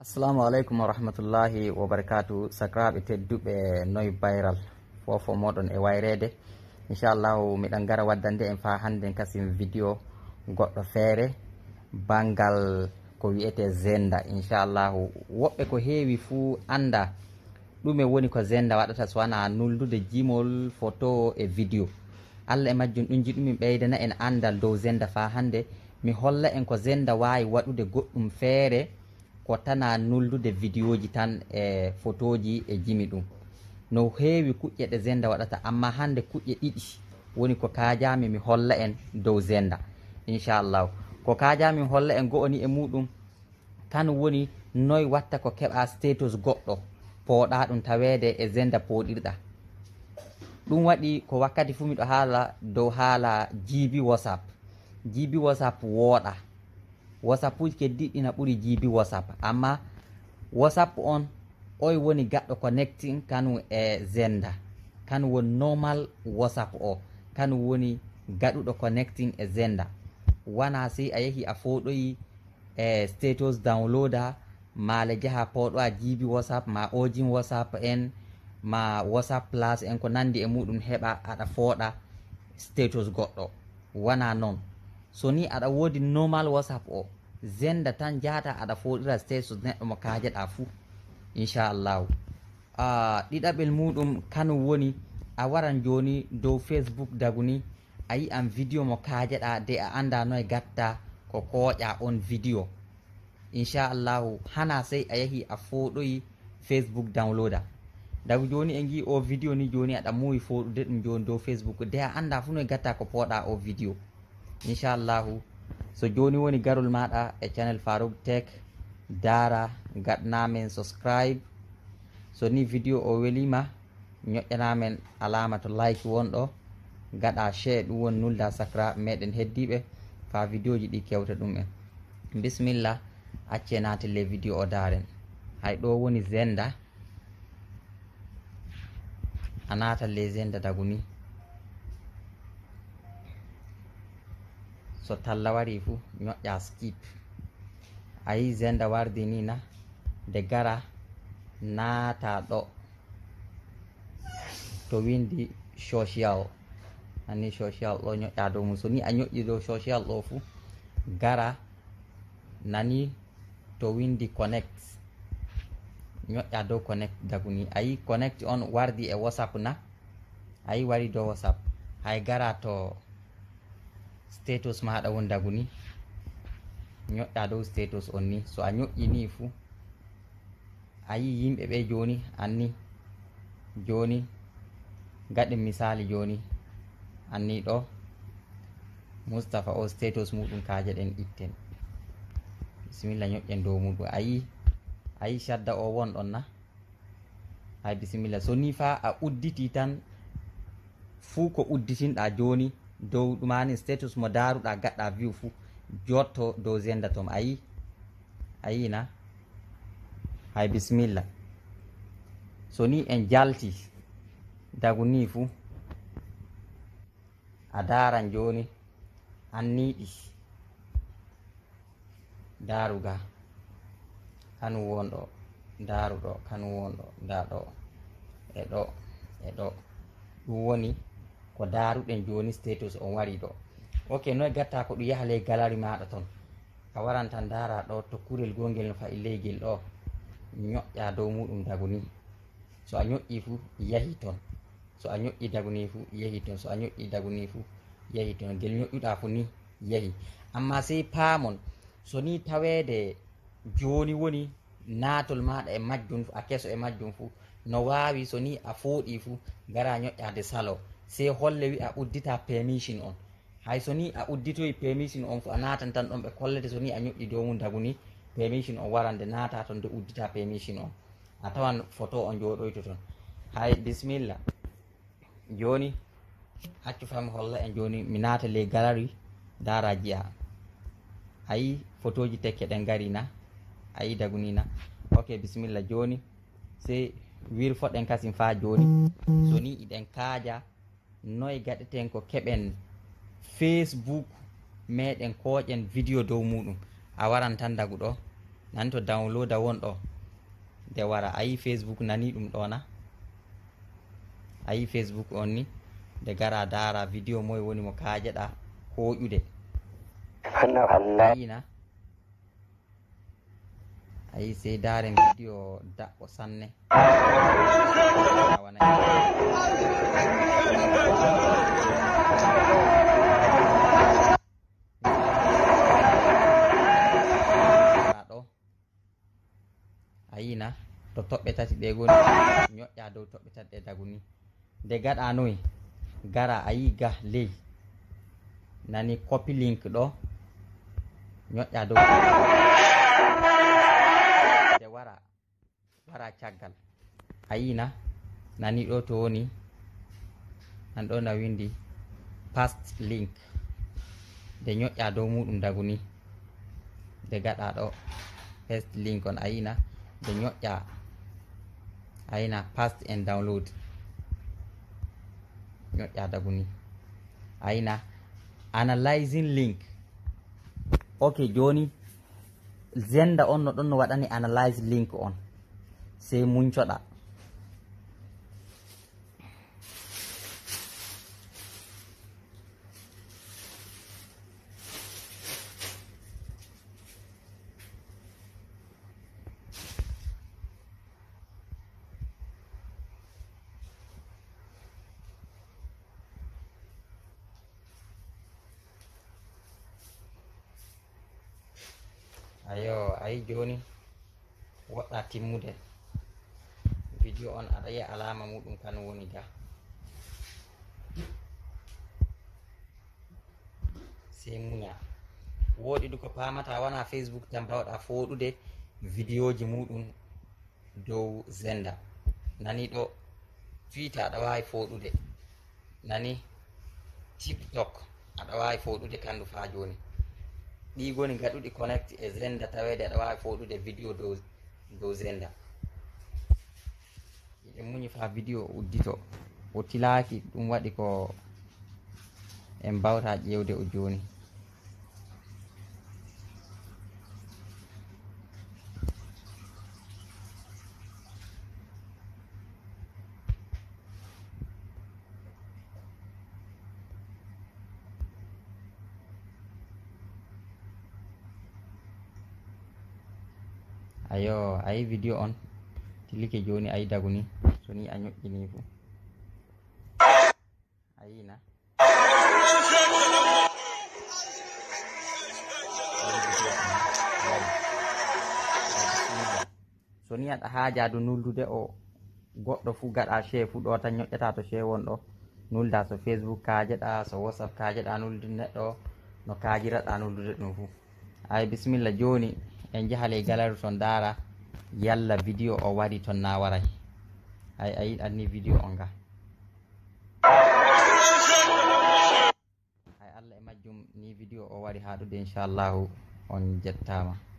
assalamu aleykum wa rahmatullahi wa barakatu sakraɓe tedduɓe noyi bayral fofo moɗon e wayrede inchallahu miɗan gara waddande en fa hande kasim vidéo goɗɗo feere bangal ko wiyete zenda inchallahu woɓɓe ko heewi fuu anda ɗume woni ko zenda waɗata so wana nuldude jimol photo e vidéo allah e majjum ɗum ji ɗumin ɓeydana en andal dow zenda fa hande mi holla en ko zenda wawi waɗude goɗɗum feere hottana nulludde vidéo ji tan e photo ji e jimi ɗum no heewi kuƴƴe ɗe zenda waɗata amma hannde kuƴƴe ɗiɗi woni ko kaajami mi holla en dow zenda inchallahu ko kaajami holla en go'oni e muɗum tan woni noy watta ko keɓa status goɗɗo pooɗa ɗum taweede e zenda pooɗirɗa ɗum waɗi ko wakkati fuu miɗo haala dow haala jibi whatsapp jibi whatsapp wooɗa whatsapp uji keddiɗɗi na ɓuuri jibi whatsapp amma whatsapp on oy woni gaɗɗo connectin kanu e zenda kanu woni normal whatsapp o kanu woni gaɗuɗo connectin e zenda wona si a yeehi a foɗoyi e status downloada male jaha poɗo a jibi whatsapp ma ojin whatsapp en ma whatsapp place en ko nandi e muɗum heɓa aɗa fooɗa status goɗɗo wona noon so ni aɗa woodi normal whatsapp o zenda tan jaata aɗa foɗira steso neɗɗo mo kajeɗa fuu inchallahu ɗiɗaɓel muɗum kano woni a waran joni dow facebook daguni a yi an vidéo mo kajeɗa de a anda noye gatta ko koƴa on vidéo inchallahu hana sey a yeehi a foɗoyi facebook downloada dago joni e gi o vidéo ni joni aɗa muwi foɗude ɗum joni dow facebook de a anda fu noye gatta ko poɗa o vidéo inchallahu so joni woni garol maɗa e channel farouk tek dara gaɗanamen subscribe so ni vidéo o welima ñoƴƴanamen alama to like wonɗo gaɗa chee ɗum woni nulda sacra meɗen heddiɓe fa vidéo ji ɗi kewta ɗumen bisimilla acce nate le vidéo o daren hay ɗo woni zenda a nata le zenda dago ni so talla wari fuu ñoƴƴa skip a yi zenda wardi ni na de gara naata ɗo to windi social anni social ɗo ñoƴƴa dow mum so ni a ñoƴƴi dow social ɗo fuu gara nani to windi connect ñoƴƴa dow connect daguni a yi connect on wardi e whatsapp na a yi wari dow whatsapp hay gara to status maɗa wondagu ni ñoɗɗa dow status on ni so a ñoƴƴi ni fu a yi yimɓe ɓe joni anni joni gaɗin misali joni anni ɗo mustapha o status muɗum kaje ɗen itten bisimilla ñoƴƴen dow muɗum a yi a yi shadda o wonɗon na ay bisimilla so ni fa a udditi tan fuu ko udditinɗa joni dow ɗumani status mo daruɗa gaɗɗa view fou jotto dow zenda tom ayi ayina hay bisimilla so ni en jalti dagu ni fou a daran joni anniɗi daruga kanu wonɗo daruɗo kanu wonɗo nda ɗo e ɗo e ɗo ɗum woni ko daruɗen joni status on wari ɗo ok noy gatta ko ɗum yaha ley galari maɗa toon a waran tan dara ɗo tokkurel gongel no fayi leygel ɗo ñoƴƴa dow muɗum daguni so a ñoƴƴi fuu yahi toon so a ñoƴƴi daguni fuu yehi toon so a ñoƴƴi daguni fuu yehi toon gel ñoƴƴuɗa fuu ni yehi amma sey paamon so ni tawede joni woni natol maɗa e majjum a keso e majjum fuu no wawi so ni a fooɗi fuu gara ñoƴƴade salo sei holle wi a uddita permission on hay so ni a udditoyi permission on fo a natan tan ɗon ɓe kollete so ni a ñoƴƴi domum dagu ni permission on waran de nata ton de uddita permission on a tawan photo o jooɗoyto toon hay bisimilla joni accu fami holla en joni mi nata ley galari dara jiya ayi photo ji tekke ɗen gari na ayi daguni na ok bisimilla joni sei wirfoɗen kasin fa joni so ni iɗen kaaja noye gaɗeten ko keɓen facebook meɗen koƴen vidéo dow muɗum a waran tan dagu ɗo nani to download a wonɗo nde wara ayi facebook nani ɗum ɗona ayi facebook on ni nde gara dara vidéo moye woni mo kaƴeɗa hoƴude ayina ayi sey daren vidéo daɓɓo sanne toɓɓe tati ɗe goni ñoƴƴa dow toɓɓe tati ɗe daguni nde gaɗa noyi gara a yi ga ley nani copy link ɗo ñoƴƴa dow nde wara wara caggal a yina nani ɗo to woni nan ɗo na windi past link nde ñoƴƴa dow muɗum daguni nde gaɗa ɗo past link on a yina nde ñoƴƴa ayina past and download ñoƴƴa daguni ayina analyzing link ok joni zenda on no ɗon no waɗani analyse link on sey muncoɗa ayo ayi joni woɗɗa timmude vidio on aɗa yiya alama muɗum kan woni ga sei muña woɗi ɗu ko pamata wona facebook tan bawɗa foɗude vidiyoji muɗum dow zenda nani ɗo twitter aɗa wawi foɗude nani tiktok aɗa wawi foɗude kandu fa joni ɗi goni gaɗuɗi connect e zenda tawede aɗa wawi foɗude vidéo dow dow zenda ɗe muñi fa vidéo uddito o tilaki ɗum waɗi ko en mbawta ƴewde o joni ayo ayi video on tilike joni ayi dagu ni so ni a ñoƴƴini fu ayina so ni aɗa haajado nuldude o goɗɗo fu gaɗa chee fu ɗo tan ñoƴƴata to chee won ɗo nulda so facebook kajeɗa so whatsapp kajeɗa nuldude neɗɗo no kajiraɗa nuldude ɗum fu ayi bisimilla joni en jahale e galaru ton dara yalla vidéo o waɗi ton na waray ay ayi anni vidéo o nga ay allah e majjum ni vidéo o waɗi haɗude inchallahu on jettama